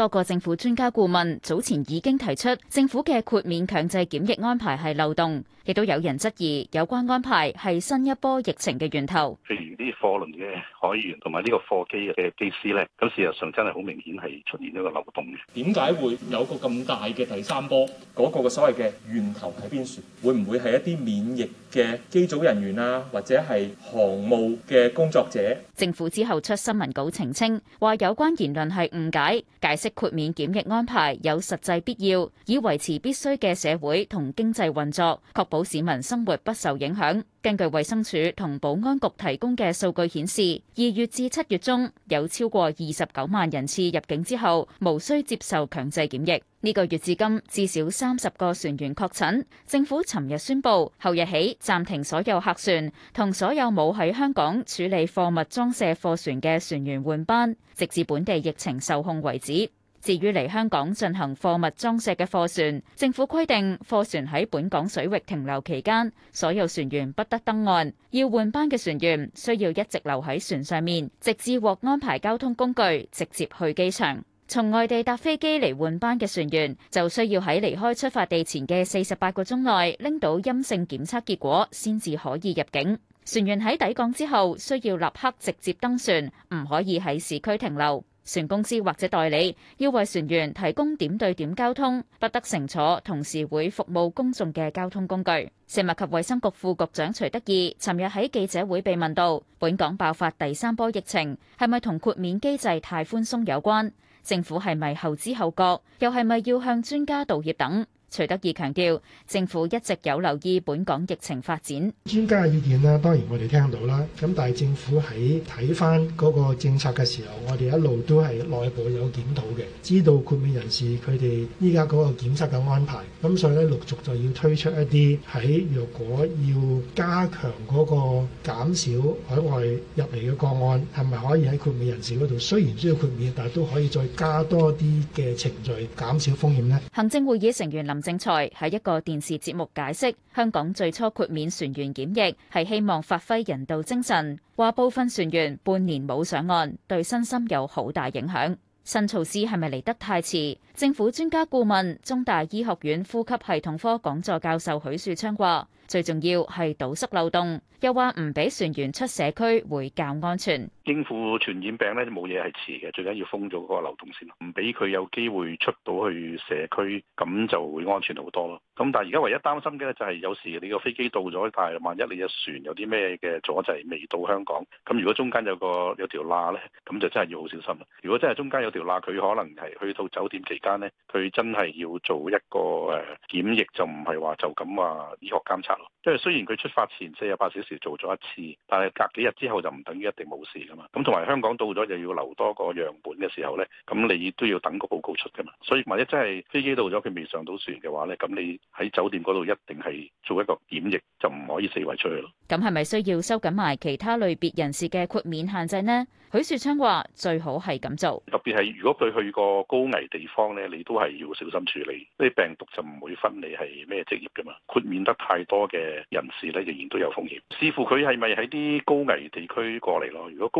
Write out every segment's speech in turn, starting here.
多個政府專家顧問早前已經提出，政府嘅豁免強制檢疫安排係漏洞，亦都有人質疑有關安排係新一波疫情嘅源頭。呢啲貨輪嘅海員同埋呢個貨機嘅機師呢，咁事實上真係好明顯係出現一個漏洞嘅。點解會有個咁大嘅第三波？嗰個嘅所謂嘅源頭喺邊處？會唔會係一啲免疫嘅機組人員啊，或者係航務嘅工作者？政府之後出新聞稿澄清，話有關言論係誤解，解釋豁免檢疫安排有實際必要，以維持必須嘅社會同經濟運作，確保市民生活不受影響。根據衛生署同保安局提供嘅數據顯示，二月至七月中有超過二十九萬人次入境之後無需接受強制檢疫。呢個月至今至少三十個船員確診。政府尋日宣布，後日起暫停所有客船同所有冇喺香港處理貨物裝卸貨船嘅船員換班，直至本地疫情受控為止。至於嚟香港進行貨物裝卸嘅貨船，政府規定貨船喺本港水域停留期間，所有船員不得登岸。要換班嘅船員需要一直留喺船上面，直至獲安排交通工具直接去機場。從外地搭飛機嚟換班嘅船員，就需要喺離開出發地前嘅四十八個鐘內拎到陰性檢測結果，先至可以入境。船員喺抵港之後，需要立刻直接登船，唔可以喺市區停留。船公司或者代理要為船員提供點對點交通，不得乘坐同時會服務公眾嘅交通工具。食物及衛生局副局長徐德義尋日喺記者會被問到，本港爆發第三波疫情，係咪同豁免機制太寬鬆有關？政府係咪後知後覺？又係咪要向專家道歉等？徐德義強調，政府一直有留意本港疫情發展。專家嘅意見啦，當然我哋聽到啦。咁但係政府喺睇返嗰個政策嘅時候，我哋一路都係內部有檢討嘅，知道豁免人士佢哋依家嗰個檢測嘅安排。咁所以咧，陸續就要推出一啲喺若果要加強嗰個減少海外入嚟嘅個案，係咪可以喺豁免人士嗰度？雖然需要豁免，但係都可以再加多啲嘅程序，減少風險呢。行政會議成員林正裁喺一個電視節目解釋，香港最初豁免船員檢疫，係希望發揮人道精神。話部分船員半年冇上岸，對身心有好大影響。新措施係咪嚟得太遲？政府專家顧問、中大醫學院呼吸系統科講座教授許樹昌話：最重要係堵塞漏洞，又話唔俾船員出社區會較安全。應付傳染病咧，冇嘢係遲嘅，最緊要封咗嗰個流動線，唔俾佢有機會出到去社區，咁就會安全好多咯。咁但係而家唯一擔心嘅咧，就係有時你個飛機到咗，但係萬一你嘅船有啲咩嘅阻滯未到香港，咁如果中間有個有條罅咧，咁就真係要好小心。如果真係中間有條罅，佢可能係去到酒店期間咧，佢真係要做一個誒檢疫，就唔係話就咁話醫學監察咯。因為雖然佢出發前四十八小時做咗一次，但係隔幾日之後就唔等於一定冇事噶。咁同埋香港到咗又要留多個樣本嘅時候呢，咁你都要等個報告出噶嘛。所以萬一真係飛機到咗佢未上到船嘅話呢，咁你喺酒店嗰度一定係做一個檢疫，就唔可以四圍出去咯。咁係咪需要收緊埋其他類別人士嘅豁免限制呢？許樹昌話最好係咁做。特別係如果佢去過高危地方呢，你都係要小心處理。即係病毒就唔會分你係咩職業噶嘛。豁免得太多嘅人士呢，仍然都有風險，視乎佢係咪喺啲高危地區過嚟咯。如果高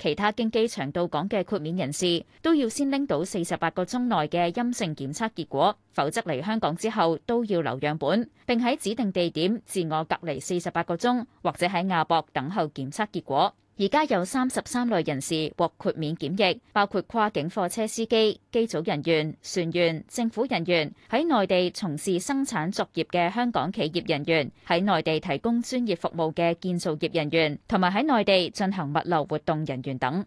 其他經機場到港嘅豁免人士，都要先拎到四十八個鐘內嘅陰性檢測結果，否則嚟香港之後都要留樣本，並喺指定地點自我隔離四十八個鐘，或者喺亞博等候檢測結果。而家有三十三類人士獲豁免檢疫，包括跨境貨車司機、機組人員、船員、政府人員、喺內地從事生產作業嘅香港企業人員、喺內地提供專業服務嘅建造業人員，同埋喺內地進行物流活動人員等。